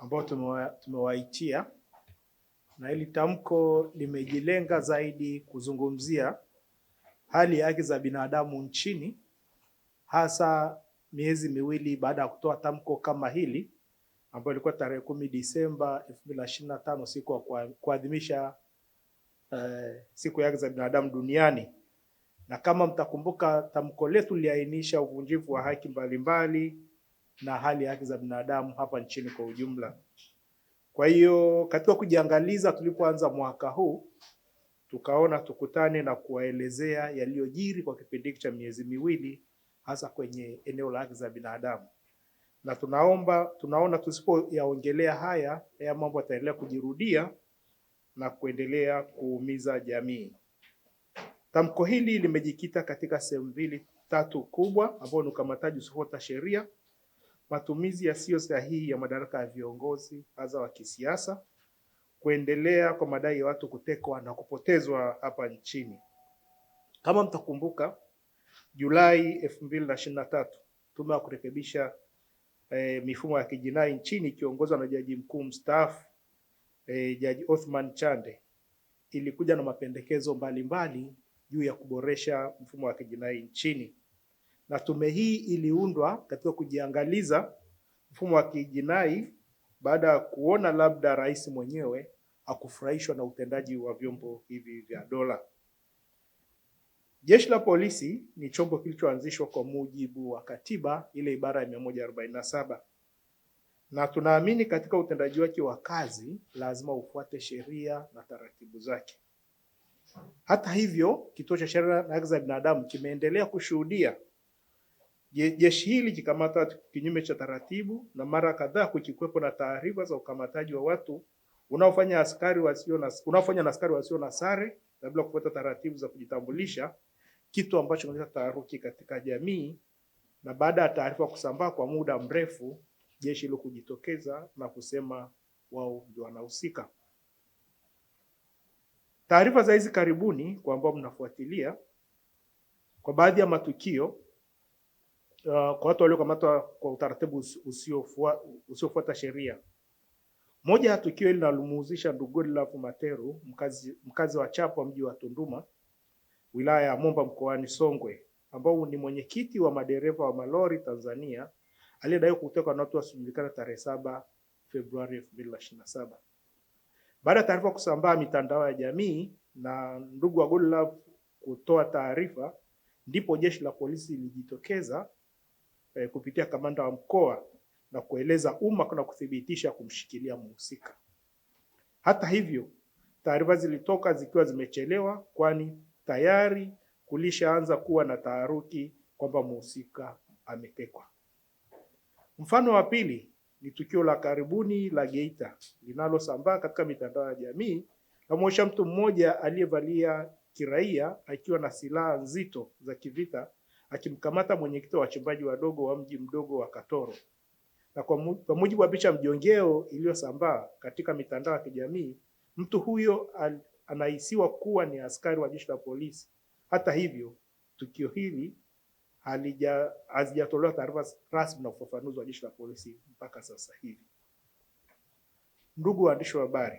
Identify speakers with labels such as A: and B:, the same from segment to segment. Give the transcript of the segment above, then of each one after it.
A: ambao tumewaitia, na hili tamko limejilenga zaidi kuzungumzia hali ya haki za binadamu nchini, hasa miezi miwili baada ya kutoa tamko kama hili ambayo ilikuwa tarehe kumi Disemba 2025 siku ya kuadhimisha eh, siku ya haki za binadamu duniani. Na kama mtakumbuka, tamko letu liliainisha uvunjifu wa haki mbalimbali mbali, na hali ya haki za binadamu hapa nchini kwa ujumla. Kwa hiyo katika kujiangaliza, tulipoanza mwaka huu tukaona tukutane na kuwaelezea yaliyojiri kwa kipindi cha miezi miwili, hasa kwenye eneo la haki za binadamu, na tunaomba tunaona tusipoyaongelea haya haya mambo yataendelea kujirudia na kuendelea kuumiza jamii. Tamko hili limejikita katika sehemu mbili tatu kubwa, ambao ni ukamataji usiofuata sheria matumizi yasiyo sahihi ya madaraka ya viongozi hasa wa kisiasa, kuendelea kwa madai ya watu kutekwa na kupotezwa hapa nchini. Kama mtakumbuka, Julai 2023 na na tatu tume ya kurekebisha e, mifumo ya kijinai nchini ikiongozwa na jaji mkuu mstaafu e, Jaji Othman Chande ilikuja na mapendekezo mbalimbali juu ya kuboresha mfumo wa kijinai nchini na tume hii iliundwa katika kujiangaliza mfumo wa kijinai baada ya kuona labda rais mwenyewe akufurahishwa na utendaji wa vyombo hivi vya dola. Jeshi la polisi ni chombo kilichoanzishwa kwa mujibu wa katiba ile ibara ya 147 na tunaamini katika utendaji wake wa kazi lazima ufuate sheria na taratibu zake. Hata hivyo, kituo cha sheria na haki za binadamu kimeendelea kushuhudia Jeshi hili kikamata kinyume cha taratibu na mara kadhaa kukikwepo na taarifa za ukamataji wa watu unaofanya askari wasio na unaofanya na askari wasio na sare na bila kufuata taratibu za kujitambulisha, kitu ambacho kinaleta taharuki katika jamii. Na baada ya taarifa kusambaa kwa muda mrefu, jeshi hilo kujitokeza na kusema wao ndio wanahusika. Taarifa za hizi karibuni kwa ambao mnafuatilia, kwa baadhi ya matukio uh, kwa watu waliokamatwa kwa utaratibu usiofuata usio sheria. Moja ya tukio hili linalomuhusisha ndugu Godlove Materu mkazi, mkazi wa Chapwa mji wa Tunduma wilaya ya Momba mkoani Songwe ambao ni mwenyekiti wa madereva wa malori Tanzania aliyedaiwa kutekwa na watu wasiojulikana tarehe saba Februari 2027. Baada ya taarifa kusambaa mitandao ya jamii na ndugu wa Godlove kutoa taarifa, ndipo jeshi la polisi lilijitokeza e, kupitia kamanda wa mkoa na kueleza umma na kuthibitisha kumshikilia mhusika. Hata hivyo, taarifa zilitoka zikiwa zimechelewa, kwani tayari kulishaanza kuwa na taharuki kwamba mhusika ametekwa. Mfano wa pili ni tukio la karibuni la Geita linalosambaa katika mitandao ya jamii namwonyesha mtu mmoja aliyevalia kiraia akiwa na silaha nzito za kivita akimkamata mwenyekiti wa wachimbaji wadogo wa mji mdogo wa Katoro. Na kwa mujibu wa picha mjongeo iliyosambaa katika mitandao ya kijamii, mtu huyo anahisiwa kuwa ni askari wa jeshi la polisi. Hata hivyo, tukio hili hazijatolewa taarifa rasmi na ufafanuzi wa jeshi la polisi mpaka sasa hivi. Ndugu waandishi wa habari,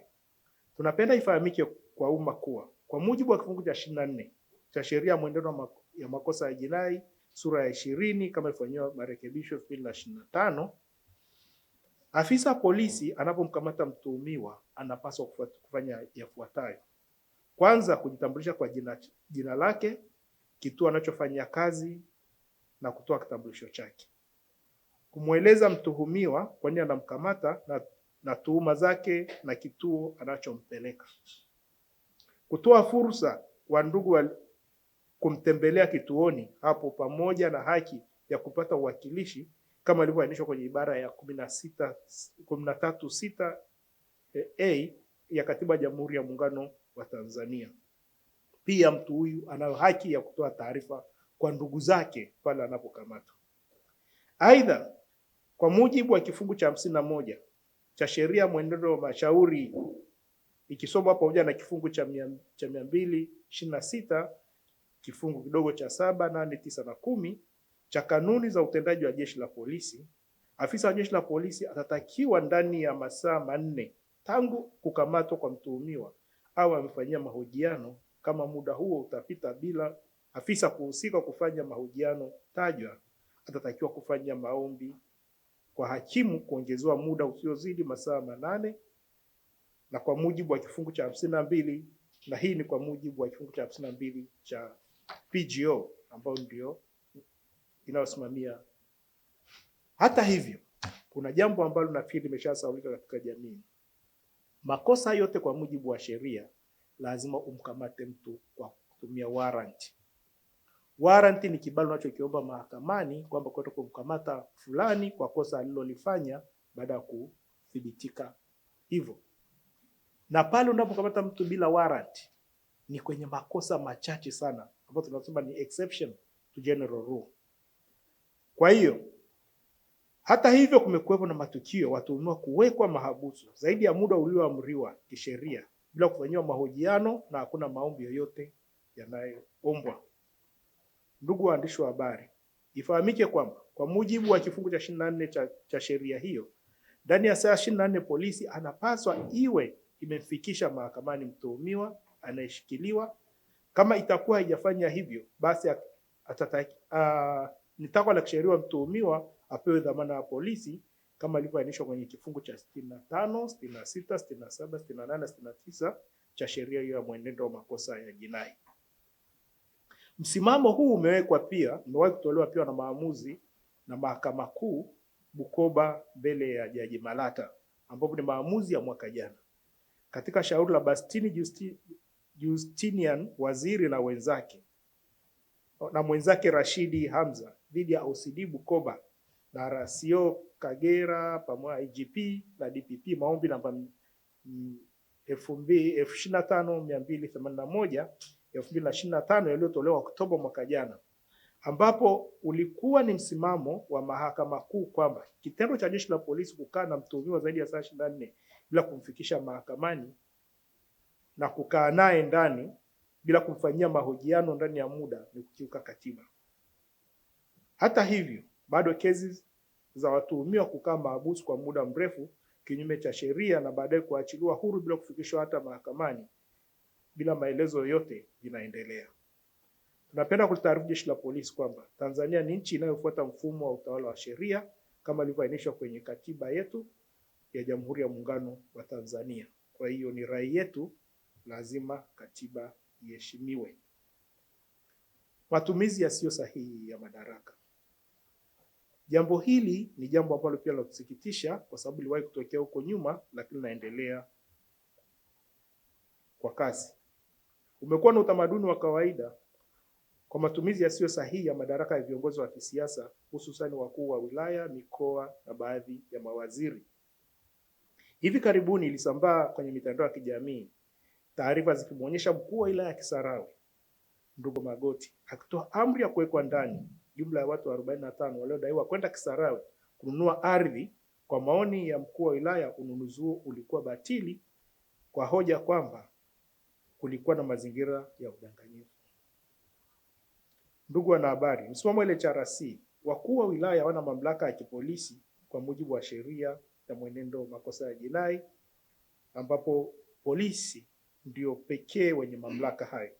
A: tunapenda ifahamike kwa umma kuwa kwa mujibu wa kifungu cha 24 cha sheria mwenendo ya makosa ya jinai sura ya ishirini kama ilifanyiwa marekebisho elfu mbili na ishirini na tano afisa polisi anapomkamata mtuhumiwa anapaswa kufanya yafuatayo: kwanza, kujitambulisha kwa jina, jina lake, kituo anachofanyia kazi na kutoa kitambulisho chake, kumweleza mtuhumiwa kwa nini anamkamata na, na tuhuma zake na kituo anachompeleka, kutoa fursa kwa ndugu kumtembelea kituoni hapo, pamoja na haki ya kupata uwakilishi kama ilivyoainishwa kwenye ibara ya kumi na sita kumi na tatu sita eh, a ya Katiba ya Jamhuri ya Muungano wa Tanzania. Pia mtu huyu anayo haki ya kutoa taarifa kwa ndugu zake pale anapokamatwa. Aidha, kwa mujibu wa kifungu cha hamsini na moja cha sheria mwenendo wa mashauri ikisomwa pamoja na kifungu cha mia mbili ishirini na sita kifungu kidogo cha saba, nane, tisa na kumi cha kanuni za utendaji wa jeshi la polisi, afisa wa jeshi la polisi atatakiwa ndani ya masaa manne tangu kukamatwa kwa mtuhumiwa au amefanyia mahojiano, kama muda huo utapita bila afisa kuhusika kufanya mahojiano tajwa, atatakiwa kufanya maombi kwa hakimu kuongezewa muda usiozidi masaa manane na kwa mujibu wa kifungu cha hamsini na mbili na hii ni kwa mujibu wa kifungu cha hamsini na mbili cha PGO ambayo ndio inayosimamia. Hata hivyo, kuna jambo ambalo nafikiri limeshasaulika katika jamii. Makosa yote kwa mujibu wa sheria lazima umkamate mtu kwa kutumia warrant. Warrant ni kibali unachokiomba mahakamani kwamba kwenda kumkamata fulani kwa kosa alilolifanya baada ya kuthibitika hivyo. Na pale unapokamata mtu bila warrant ni kwenye makosa machache sana ambayo tunasema ni exception to general rule. Kwa hiyo hata hivyo, kumekuwepo na matukio watuhumiwa kuwekwa mahabusu zaidi ya muda ulioamriwa kisheria bila kufanyiwa mahojiano na hakuna maombi yoyote yanayoombwa. Ndugu waandishi wa habari, ifahamike kwamba kwa mujibu wa kifungu cha 24 cha, cha sheria hiyo ndani ya saa 24 polisi anapaswa iwe imemfikisha mahakamani mtuhumiwa anayeshikiliwa kama itakuwa haijafanya hivyo, basi atataki, uh, ni takwa la kisheria mtuhumiwa apewe dhamana ya polisi kama ilivyoainishwa kwenye kifungu cha 65, 66, 67, 68, 69 cha sheria hiyo ya mwenendo wa makosa ya jinai. Msimamo huu umewekwa pia umewahi kutolewa pia na maamuzi na Mahakama Kuu Bukoba mbele ya Jaji Malata ambapo ni maamuzi ya mwaka jana katika shauri la Bastini Justinian Waziri na wenzake na mwenzake Rashidi Hamza dhidi ya OCD Bukoba na Rasio Kagera pamoja IGP na DPP maombi namba 25281 yaliyotolewa Oktoba mwaka jana, ambapo ulikuwa ni msimamo wa Mahakama Kuu kwamba kitendo cha jeshi la polisi kukaa na mtuhumiwa zaidi ya saa 24 bila kumfikisha mahakamani na kukaa naye ndani bila kumfanyia mahojiano ndani ya muda ni kukiuka katiba. Hata hivyo, bado kesi za watuhumiwa kukaa mahabusu kwa muda mrefu kinyume cha sheria na baadaye kuachiliwa huru bila kufikishwa hata mahakamani bila maelezo yoyote vinaendelea. Tunapenda kulitaarifu jeshi la polisi kwamba Tanzania ni nchi inayofuata mfumo wa utawala wa sheria kama ilivyoainishwa kwenye katiba yetu ya Jamhuri ya Muungano wa Tanzania. Kwa hiyo ni rai yetu lazima katiba iheshimiwe. Matumizi yasiyo sahihi ya madaraka. Jambo hili ni jambo ambalo pia la kusikitisha, kwa sababu liwahi kutokea huko nyuma, lakini naendelea kwa kasi. Umekuwa na utamaduni wa kawaida kwa matumizi yasiyo sahihi ya madaraka ya viongozi wa kisiasa, hususan wakuu wa wilaya, mikoa na baadhi ya mawaziri. Hivi karibuni ilisambaa kwenye mitandao ya kijamii taarifa zikimwonyesha mkuu wa wilaya ya Kisarawe ndugu Magoti akitoa amri ya kuwekwa ndani jumla ya watu 45 waliodaiwa kwenda Kisarawe kununua ardhi. Kwa maoni ya mkuu wa wilaya, ununuzi huo ulikuwa batili kwa hoja kwamba kulikuwa na mazingira ya udanganyifu. Ndugu wanahabari, msimamo ile LHRC, wakuu wa wilaya wana mamlaka ya kipolisi kwa mujibu wa sheria ya mwenendo makosa ya jinai, ambapo polisi ndio pekee wenye mamlaka hayo.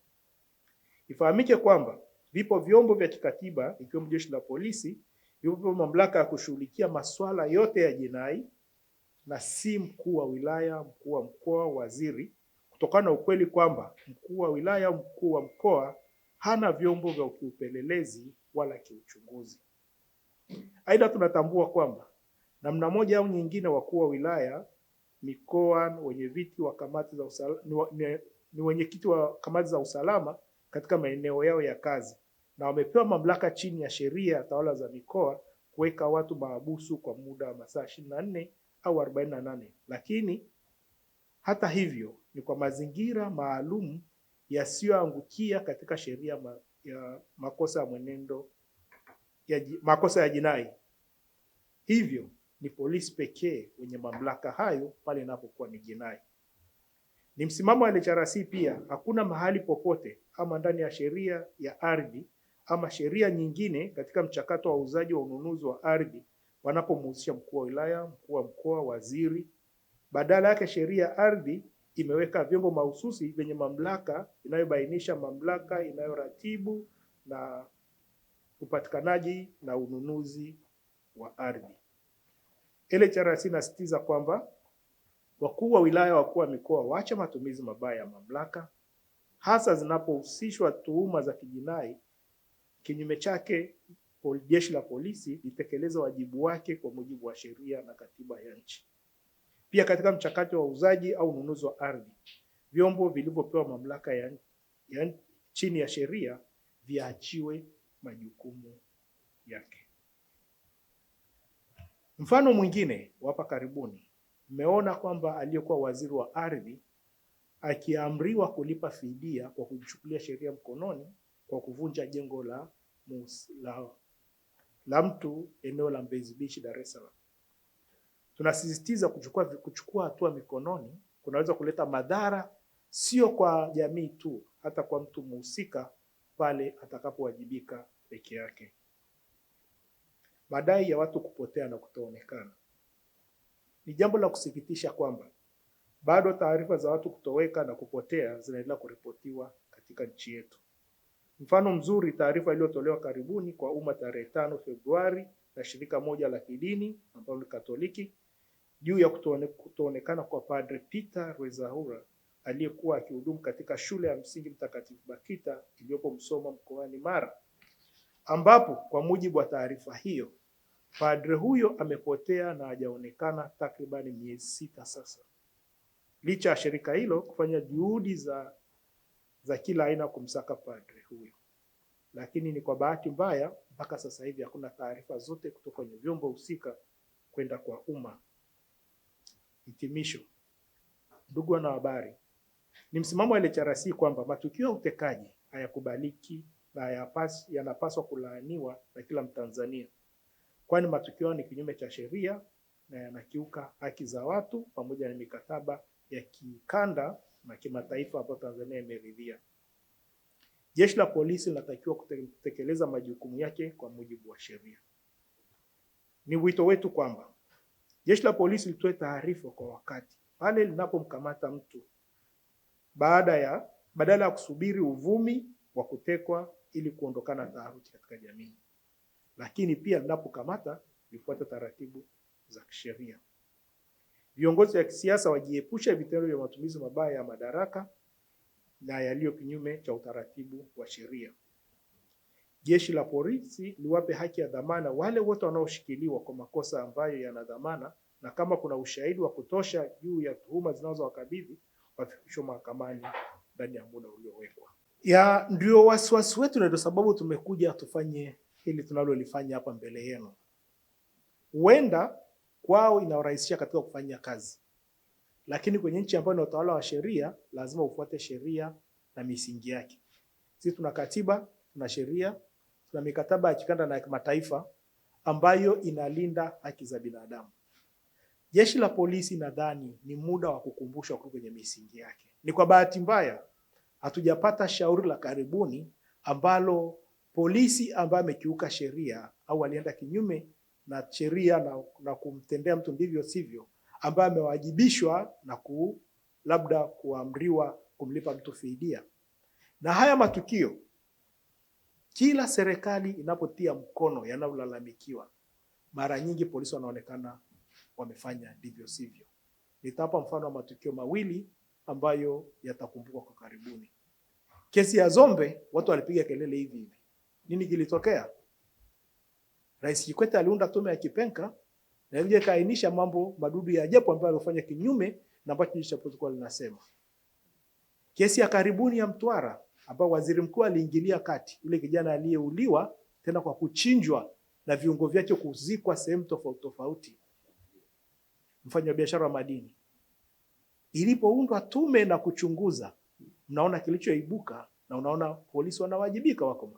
A: Ifahamike kwamba vipo vyombo vya kikatiba ikiwemo jeshi la polisi, vipo mamlaka ya kushughulikia masuala yote ya jinai na si mkuu wa wilaya, mkuu wa mkoa, waziri, kutokana na ukweli kwamba mkuu wa wilaya, mkuu wa mkoa hana vyombo vya kiupelelezi wala kiuchunguzi. Aidha, tunatambua kwamba namna moja au nyingine wakuu wa wilaya mikoa, wenyeviti wa kamati za usalama, ni, wenyekiti wa kamati za usalama katika maeneo yao ya kazi na wamepewa mamlaka chini ya sheria ya tawala za mikoa kuweka watu mahabusu kwa muda wa masaa 24 au 48, lakini hata hivyo ni kwa mazingira maalum yasiyoangukia katika sheria ma, ya makosa ya mwenendo ya makosa ya jinai hivyo ni polisi pekee wenye mamlaka hayo pale inapokuwa ni jinai. Ni msimamo wa LHRC pia, hakuna mahali popote ama ndani ya sheria ya ardhi ama sheria nyingine katika mchakato wa uuzaji wa ununuzi wa ardhi wanapomhusisha mkuu wa wilaya, mkuu wa mkoa, waziri. Badala yake sheria ya ardhi imeweka vyombo mahususi vyenye mamlaka inayobainisha mamlaka inayoratibu na upatikanaji na ununuzi wa ardhi. LHRC inasisitiza kwamba wakuu wa wilaya, wakuu wa mikoa waache matumizi mabaya ya mamlaka, hasa zinapohusishwa tuhuma za kijinai. Kinyume chake, jeshi la polisi litekeleza wajibu wake kwa mujibu wa sheria na katiba ya nchi. Pia katika mchakato wa uuzaji au ununuzi wa ardhi, vyombo vilivyopewa mamlaka ya, ya chini ya sheria viachiwe majukumu yake. Mfano mwingine wa hapa karibuni, mmeona kwamba aliyekuwa waziri wa ardhi akiamriwa kulipa fidia kwa kujichukulia sheria mkononi kwa kuvunja jengo la la, la mtu eneo la Mbezi Beach, Dar es Salaam. Tunasisitiza kuchukua kuchukua hatua mikononi kunaweza kuleta madhara sio kwa jamii tu, hata kwa mtu mhusika pale atakapowajibika peke yake madai ya watu kupotea na kutoonekana. Ni jambo la kusikitisha kwamba bado taarifa za watu kutoweka na kupotea zinaendelea kuripotiwa katika nchi yetu. Mfano mzuri, taarifa iliyotolewa karibuni kwa umma tarehe tano Februari na shirika moja la kidini ambalo ni Katoliki juu ya kutone, kutoonekana kwa Padre Peter Rwezahura aliyekuwa akihudumu katika shule ya msingi Mtakatifu Bakita iliyopo Msoma mkoani Mara, ambapo kwa mujibu wa taarifa hiyo Padre huyo amepotea na hajaonekana takribani miezi sita sasa, licha ya shirika hilo kufanya juhudi za, za kila aina kumsaka padre huyo, lakini ni kwa bahati mbaya mpaka sasa hivi hakuna taarifa zote kutoka kwenye vyombo husika kwenda kwa umma. Hitimisho, ndugu wanahabari, ni msimamo wa LHRC kwamba matukio ya utekaji hayakubaliki na yanapaswa kulaaniwa na kila Mtanzania kwani matukio ni kinyume cha sheria na yanakiuka haki za watu pamoja na mikataba ya kikanda na kimataifa ambayo Tanzania imeridhia. Jeshi la polisi linatakiwa kutekeleza majukumu yake kwa mujibu wa sheria. Ni wito wetu kwamba jeshi la polisi litoe taarifa kwa wakati pale linapomkamata mtu baada ya badala ya kusubiri uvumi wa kutekwa ili kuondokana taharuki katika jamii lakini pia mnapokamata vifuata taratibu za kisheria. Viongozi wa kisiasa wajiepusha vitendo vya matumizi mabaya ya madaraka na yaliyo kinyume cha utaratibu wa sheria. Jeshi la polisi liwape haki ya dhamana wale wote wanaoshikiliwa kwa makosa ambayo yana dhamana, na kama kuna ushahidi wa kutosha juu ya tuhuma zinazowakabidhi wafikishwe mahakamani ndani ya muda uliowekwa. Ya ndio wasiwasi wetu na ndio sababu tumekuja tufanye hili tunalolifanya hapa mbele yenu. Huenda kwao inawarahisisha katika kufanya kazi, lakini kwenye nchi ambayo ni utawala wa sheria, lazima ufuate sheria na misingi yake. Sisi tuna katiba, tuna sheria, tuna mikataba ya kikanda na kimataifa ambayo inalinda haki za binadamu. Jeshi la polisi nadhani ni muda wa kukumbushwa kutoka kwenye misingi yake. Ni kwa bahati mbaya hatujapata shauri la karibuni ambalo polisi ambaye amekiuka sheria au alienda kinyume na sheria na, na kumtendea mtu ndivyo sivyo, ambaye amewajibishwa na ku, labda kuamriwa kumlipa mtu fidia. Na haya matukio kila serikali inapotia mkono yanayolalamikiwa, mara nyingi polisi wanaonekana wamefanya ndivyo sivyo. Nitapa mfano wa matukio mawili ambayo yatakumbukwa kwa karibuni. Kesi ya Zombe, watu walipiga kelele hivi hivi nini kilitokea? Rais Kikwete aliunda tume ya Kipenka na ile kaainisha mambo madudu ya ajabu ambayo alifanya kinyume na ambacho kijicho cha protokoli linasema. Kesi ya karibuni ya Mtwara ambapo waziri mkuu aliingilia kati, yule kijana aliyeuliwa tena kwa kuchinjwa na viungo vyake kuzikwa sehemu tofauti tofauti, biashara wa madini. Ilipoundwa tume na kuchunguza, mnaona kilichoibuka, na unaona polisi wanawajibika wako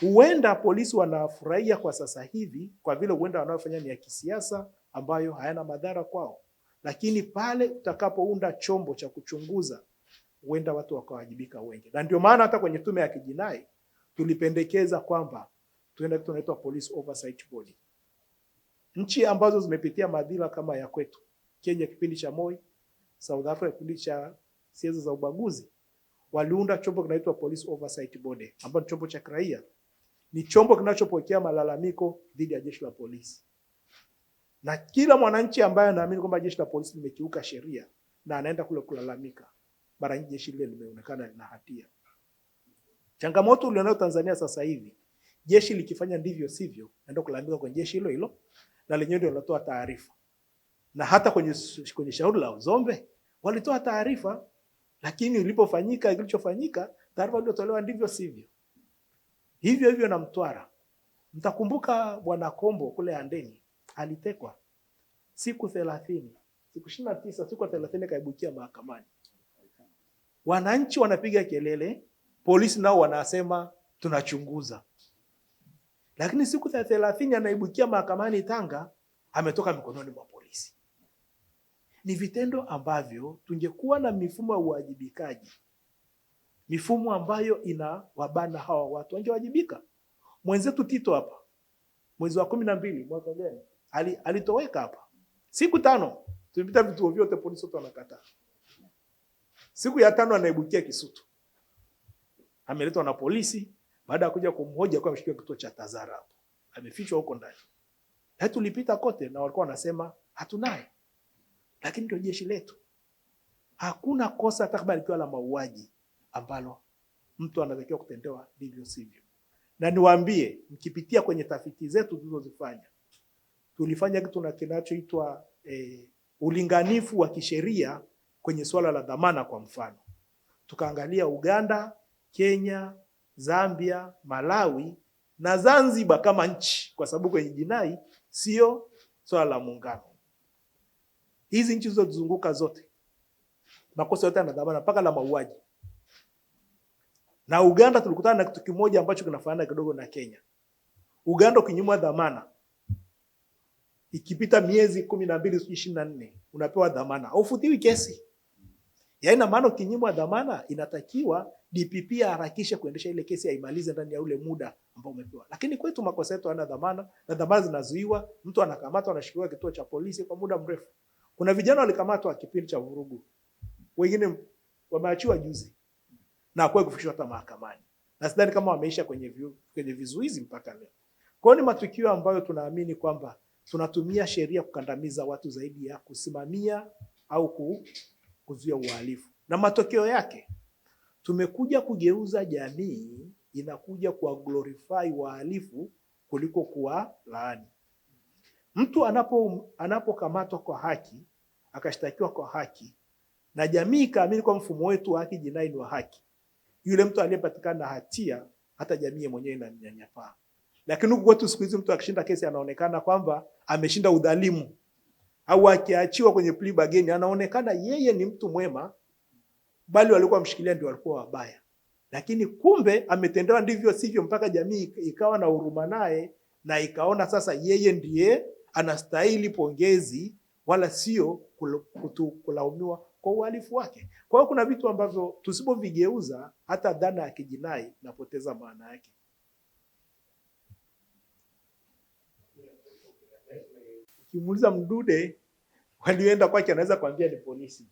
A: Huenda polisi wanafurahia kwa sasa hivi kwa vile huenda wanaofanya ni ya kisiasa ambayo hayana madhara kwao, lakini pale utakapounda chombo cha kuchunguza, huenda watu wakawajibika wengi. Na ndio maana hata kwenye tume ya kijinai tulipendekeza kwamba tuende kitu kinaitwa police oversight body. Nchi ambazo zimepitia madhila kama ya kwetu, Kenya kipindi cha Moi, South Africa kipindi cha siasa za ubaguzi, waliunda chombo kinaitwa Police Oversight Board, ambacho chombo cha kiraia, ni chombo kinachopokea malalamiko dhidi ya jeshi la polisi, na kila mwananchi ambaye anaamini kwamba jeshi la polisi limekiuka sheria na anaenda kule kulalamika, mara nyingi jeshi lile limeonekana lina hatia. Changamoto ulionayo Tanzania sasa hivi, jeshi likifanya ndivyo sivyo, naenda kulalamika kwenye jeshi hilo hilo, na lenyewe ndio linatoa taarifa, na hata kwenye kwenye shauri la Uzombe walitoa taarifa lakini ilipofanyika kilichofanyika, taarifa iliyotolewa ndivyo sivyo. Hivyo hivyo na Mtwara. Mtakumbuka Bwana Kombo kule Andeni alitekwa siku thelathini, siku ishirini na tisa, siku thelathini kaibukia mahakamani. Wananchi wanapiga kelele, polisi nao wanasema tunachunguza, lakini siku thelathini anaibukia mahakamani Tanga, ametoka mikononi mwa polisi ni vitendo ambavyo tungekuwa na mifumo ya uwajibikaji, mifumo ambayo inawabana hawa watu wangewajibika. Mwenzetu Tito hapa mwezi wa kumi na mbili mwaka gani ali, alitoweka hapa siku tano, tulipita vituo vyote, polisi wote wanakataa. Siku ya tano anaibukia Kisutu, ameletwa na polisi baada ya kuja kumhoja kwa mshikio kituo cha Tazara hapo, amefichwa huko ndani. Tulipita kote na walikuwa wanasema hatunaye lakini ndio jeshi letu. Hakuna kosa takriban likiwa la mauaji ambalo mtu anatakiwa kutendewa vivyo sivyo. Na niwaambie, mkipitia kwenye tafiti zetu tulizozifanya, tulifanya kitu na kinachoitwa eh, ulinganifu wa kisheria kwenye swala la dhamana. Kwa mfano, tukaangalia Uganda, Kenya, Zambia, Malawi na Zanzibar kama nchi, kwa sababu kwenye jinai sio swala la muungano hizi nchi zilizozunguka zote makosa yote yana dhamana mpaka la mauaji. Na Uganda tulikutana na kitu kimoja ambacho kinafanana kidogo na Kenya. Uganda ukinyimwa dhamana ikipita miezi kumi na mbili ishirini na nne unapewa dhamana, haufutiwi kesi. Yaani ina maana ukinyimwa dhamana inatakiwa DPP aharakishe kuendesha ile kesi aimalize ndani ya ule muda ambao umepewa. Lakini kwetu makosa yetu hayana dhamana na dhamana zinazuiwa, mtu anakamatwa anashikiliwa kituo cha polisi kwa muda mrefu. Kuna vijana walikamatwa kipindi cha vurugu, wengine wameachiwa juzi na hakuwahi kufikishwa hata mahakamani, na sidhani kama wameisha kwenye, kwenye vizuizi mpaka leo. Kwa ni matukio ambayo tunaamini kwamba tunatumia sheria kukandamiza watu zaidi ya kusimamia au kuzuia uhalifu, na matokeo yake tumekuja kugeuza jamii inakuja kuwa glorify wahalifu kuliko kuwa laani. Mtu anapo anapokamatwa kwa haki akashtakiwa kwa haki na jamii ikaamini kwa mfumo wetu wa haki jinai ni wa haki, yule mtu aliyepatikana na hatia hata jamii mwenyewe inamnyanyapaa. Lakini huku kwetu siku hizi mtu akishinda kesi anaonekana kwamba ameshinda udhalimu, au akiachiwa kwenye plea bargain anaonekana yeye ni mtu mwema, bali walikuwa mshikilia ndio walikuwa wabaya. Lakini kumbe ametendewa ndivyo sivyo, mpaka jamii ikawa na huruma naye na ikaona sasa yeye ndiye anastahili pongezi, wala sio kulaumiwa kwa uhalifu wake. Kwa hiyo kuna vitu ambavyo tusipovigeuza, hata dhana ya kijinai napoteza maana yake. Ukimuuliza Mdude walioenda kwake, anaweza kuambia ni polisi.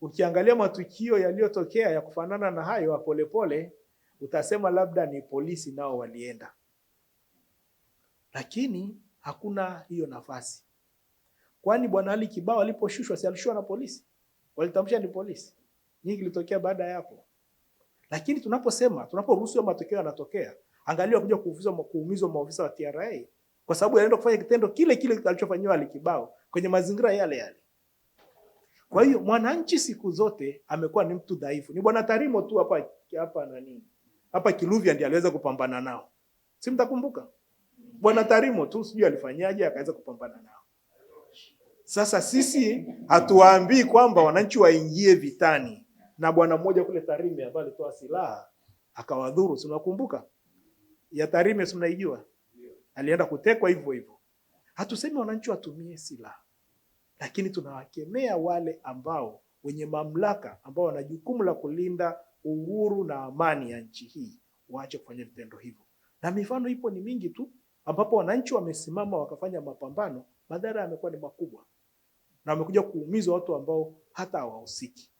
A: Ukiangalia matukio yaliyotokea ya kufanana na hayo ya Polepole, utasema labda ni polisi nao walienda, lakini hakuna hiyo nafasi. Kwani Bwana Ali Kibao aliposhushwa, si alishushwa na polisi? Walitamsha ni polisi. Nyingi ilitokea baada ya hapo. Lakini tunaposema, tunaporuhusu matokeo yanatokea, angalia kuja kuufizwa kuumizwa maofisa wa TRA kwa sababu yanaenda kufanya kitendo kile kile alichofanyiwa Ali Kibao kwenye mazingira yale yale. Kwa hiyo mwananchi siku zote amekuwa ni mtu dhaifu. Ni Bwana Tarimo tu hapa hapa nani? Hapa Kiluvya ndiye aliweza kupambana nao. Si mtakumbuka? Bwana Tarimo tu sijui alifanyaje akaweza kupambana nao. Sasa sisi hatuwaambii kwamba wananchi waingie vitani, na bwana mmoja kule Tarime ambaye alitoa silaha akawadhuru, si unakumbuka? Ya Tarime si mnaijua, alienda kutekwa hivyo hivyo. Hatusemi wananchi watumie silaha, lakini tunawakemea wale ambao wenye mamlaka ambao wana jukumu la kulinda uhuru na amani ya nchi hii waache kufanya vitendo hivyo, na mifano ipo ni mingi tu ambapo wananchi wamesimama wakafanya mapambano, madhara yamekuwa ni makubwa na wamekuja kuumiza watu ambao hata hawahusiki.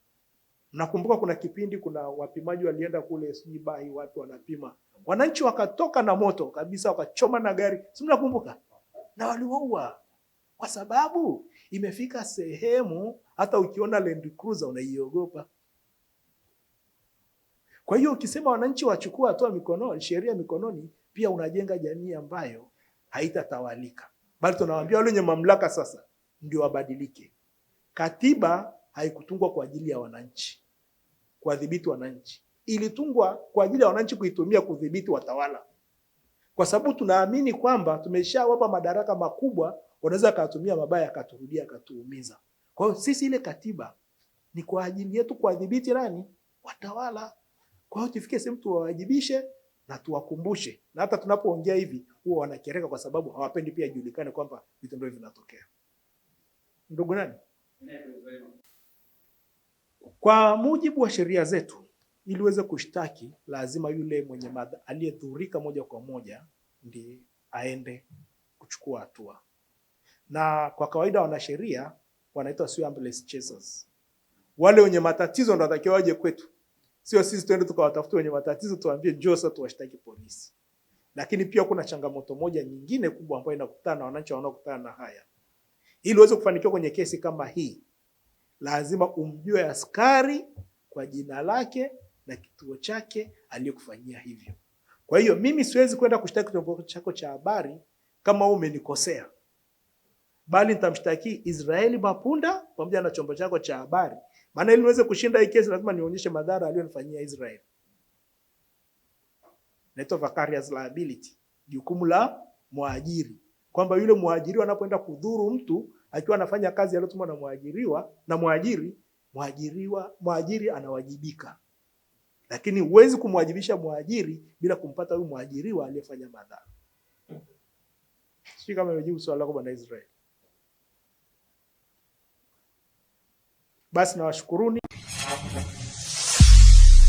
A: Nakumbuka kuna kipindi, kuna wapimaji walienda kule sijui Bahi, watu wanapima wananchi, wakatoka na moto kabisa, wakachoma na gari, si mnakumbuka? Na waliwaua kwa sababu imefika sehemu hata ukiona Land Cruiser unaiogopa. Kwa hiyo ukisema wananchi wachukua hatua mikononi, sheria mikononi, pia unajenga jamii ambayo haitatawalika, bali tunawaambia wale wenye mamlaka sasa ndio wabadilike. Katiba haikutungwa kwa ajili ya wananchi kuwadhibiti wananchi, ilitungwa kwa ajili ya wananchi kuitumia kudhibiti watawala, kwa sababu tunaamini kwamba tumeshawapa madaraka makubwa, wanaweza akatumia mabaya, akaturudia, akatuumiza. Kwa hiyo sisi, ile katiba ni kwa ajili yetu kuwadhibiti nani? Watawala. Kwa hiyo tufike sehemu tuwawajibishe na tuwakumbushe, na hata tunapoongea hivi huwa wanakereka, kwa sababu hawapendi pia ijulikane kwamba vitendo hivi vinatokea ndugu nani? Kwa mujibu wa sheria zetu, ili uweze kushtaki, lazima yule mwenye aliyedhurika moja kwa moja ndiye aende kuchukua hatua, na kwa kawaida wanasheria wanaitwa sio ambulance chasers. Wale wenye matatizo ndio watakiwa waje kwetu, sio sisi tuende tukawatafuta wenye matatizo tuambie njoo sasa tuwashtaki polisi. Lakini pia kuna changamoto moja nyingine kubwa ambayo inakutana na wananchi wanaokutana na haya ili uweze kufanikiwa kwenye kesi kama hii, lazima umjue askari kwa jina lake na kituo chake aliyokufanyia hivyo. Kwa hiyo mimi siwezi kwenda kushtaki chombo chako cha habari kama umenikosea, bali nitamshtaki Israeli Mapunda pamoja na chombo chako cha habari, maana ili niweze kushinda hii kesi lazima nionyeshe madhara aliyonifanyia Israeli. Inaitwa vicarious liability, jukumu la mwajiri, kwamba yule mwajiri anapoenda kudhuru mtu akiwa anafanya kazi aliyotumwa na mwajiriwa na mwajiri, mwajiriwa mwajiri anawajibika, lakini huwezi kumwajibisha mwajiri bila kumpata huyu mwajiriwa aliyefanya madhara. Sijui kama nimejibu swali lako Bwana Israeli. Basi nawashukuruni.